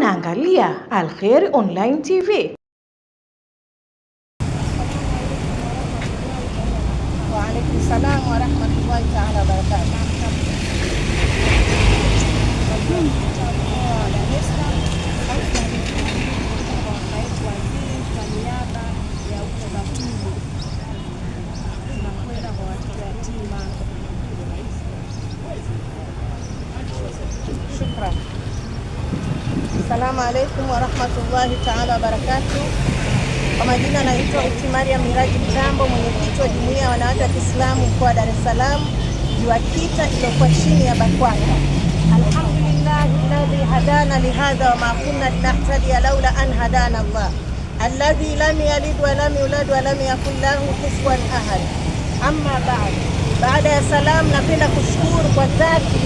unaangalia Alkhairi Online TV. Assalamu alaikum warahmatullahi taala wabarakatu. Kwa majina naitwa Uti Mariam Miraji Mtambo, mwenyekiti wa jumuiya ya wanawake wa Kiislamu mkoa wa Dar es Salaam, juakita iliyokuwa chini ya BAKWATA. Alhamdulillahi alladhi hadana lihadha wa ma kunna linahtadiya laula an hadana Allah alladhi lam yalid wa lam yulad wa lam yakun lahu kufuwan ahad. Amma baadu, baada ya salam, napenda kushukuru kwa dhati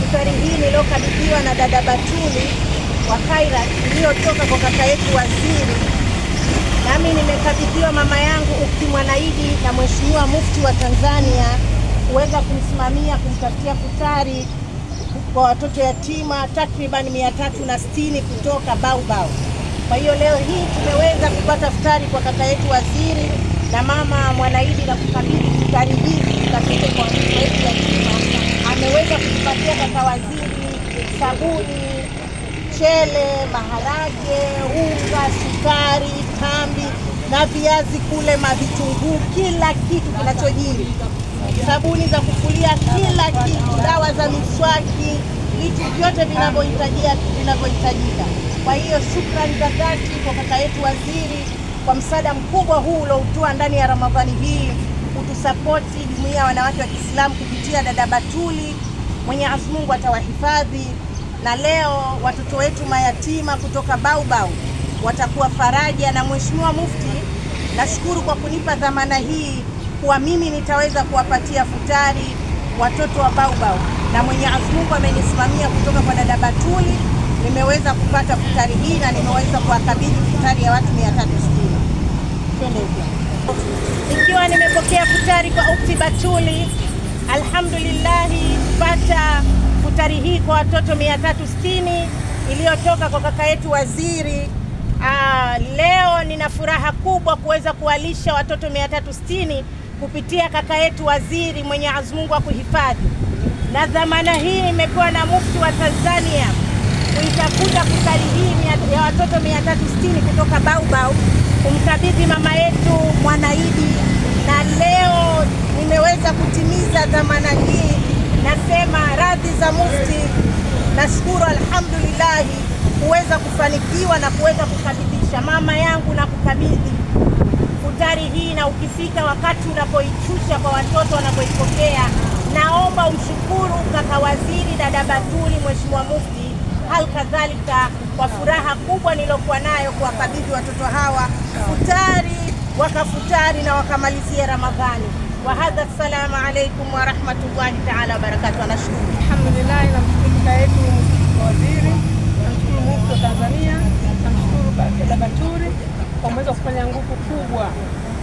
safari hii niliyokabidhiwa na dada Batuli wa Khairat iliyotoka kwa kaka yetu waziri, nami nimekabidhiwa mama yangu Ukti Mwanaidi na Mheshimiwa Mufti wa Tanzania kuweza kumsimamia kumtafutia futari kwa watoto yatima takribani mia tatu na sitini kutoka Baubau. Kwa hiyo leo hii tumeweza kupata futari kwa kaka yetu waziri na mama Mwanaidi na kukabidhi futari hizi zikafike kwa watoto yatima. Ameweza kutupatia kaka waziri sabuni mchele, maharage, unga, sukari, tambi na viazi kule, mavitunguu, kila kitu kinachojiri, sabuni za kufulia, kila kitu, dawa za miswaki, vitu vyote vinavyohitajika vinavyohitajika. Kwa hiyo shukrani za dhati kwa kaka yetu waziri kwa msaada mkubwa huu uliotoa ndani ya Ramadhani hii kutusapoti jumuiya ya wanawake wa Kiislamu kupitia dada Batuli, Mwenyezi Mungu atawahifadhi na leo watoto wetu mayatima kutoka Baubau watakuwa faraja. Na Mheshimiwa Mufti, nashukuru kwa kunipa dhamana hii kuwa mimi nitaweza kuwapatia futari watoto wa Baubau, na Mwenyezi Mungu amenisimamia kutoka kwa dada Batuli, nimeweza kupata futari hii na nimeweza kuwakabidhi futari ya watu 360 ikiwa nimepokea futari kwa ukti Batuli, alhamdulillahi pata daftari hii kwa watoto 360 iliyotoka kwa kaka yetu waziri. Aa, ah, leo nina furaha kubwa kuweza kuwalisha watoto 360 kupitia kaka yetu waziri, mwenye azmungu wa kuhifadhi Na dhamana hii nimepewa na mufti wa Tanzania kuitafuta futari hii ya watoto 360 kutoka Baubau kumkabidhi mama yetu Mwanaidi, na leo nimeweza kutimiza dhamana hii nasema radhi za Mufti. Nashukuru alhamdulillahi kuweza kufanikiwa na kuweza kukabidhisha mama yangu na kukabidhi futari hii, na ukifika wakati unapoichusha kwa watoto wanapoipokea, naomba umshukuru kaka waziri, dada Batuli, mheshimiwa Mufti, hal kadhalika kwa furaha kubwa niliyokuwa nayo kuwakabidhi watoto hawa futari, wakafutari na wakamalizia Ramadhani wa hadha, assalamu alaikum wa rahmatullahi taala wa barakatuh. Anashukuru, alhamdulillah, namshukuru kaka yetu waziri, namshukuru Mufti wa Tanzania, namshukuru Dada Baturi kwa uwezo kufanya nguvu kubwa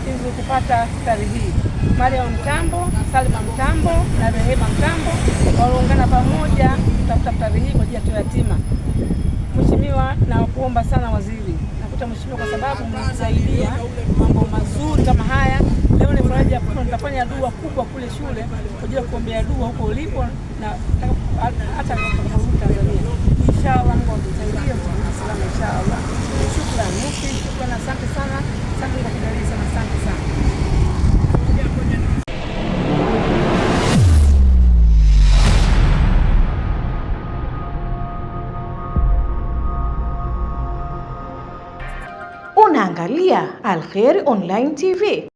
hizi kupata iftari hii. Maria Mtambo, Salma Mtambo na Rehema Mtambo waliungana pamoja kutafuta iftari hii kwa ajili ya yatima. Mheshimiwa, nakuomba sana waziri, nakuta mheshimiwa, kwa sababu mnatusaidia mambo mazuri kama haya kuna nitafanya dua kubwa kule shule kwa ajili ya kuombea dua huko ulipo na hata atakaporudi Tanzania. Inshallah Mungu atusaidie kurudi salama inshallah. Shukrani, mufti, shukrani, asante sana, asante kwa kunielewa sana, asante sana. Unaangalia Alkheri Online TV.